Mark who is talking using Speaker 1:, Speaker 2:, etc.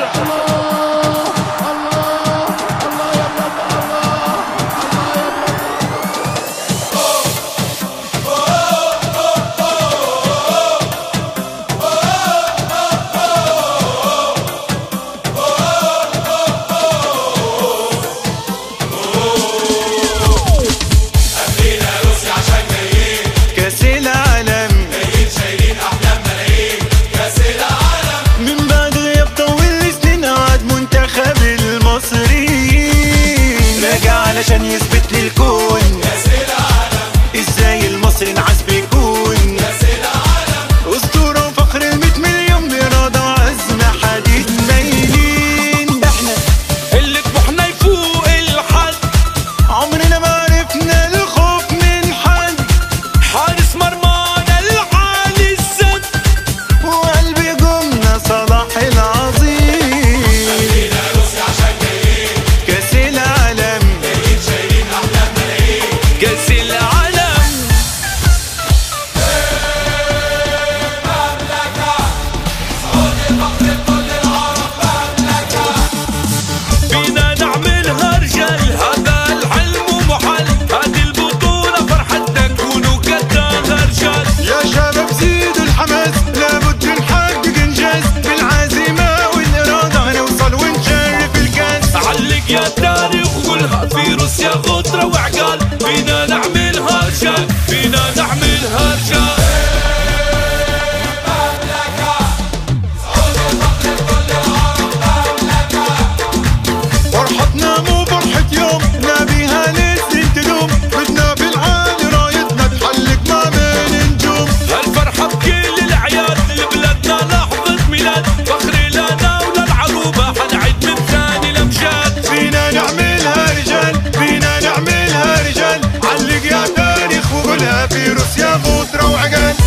Speaker 1: Russia. يقعد يخوغلها في روسيا غوطرة وعقان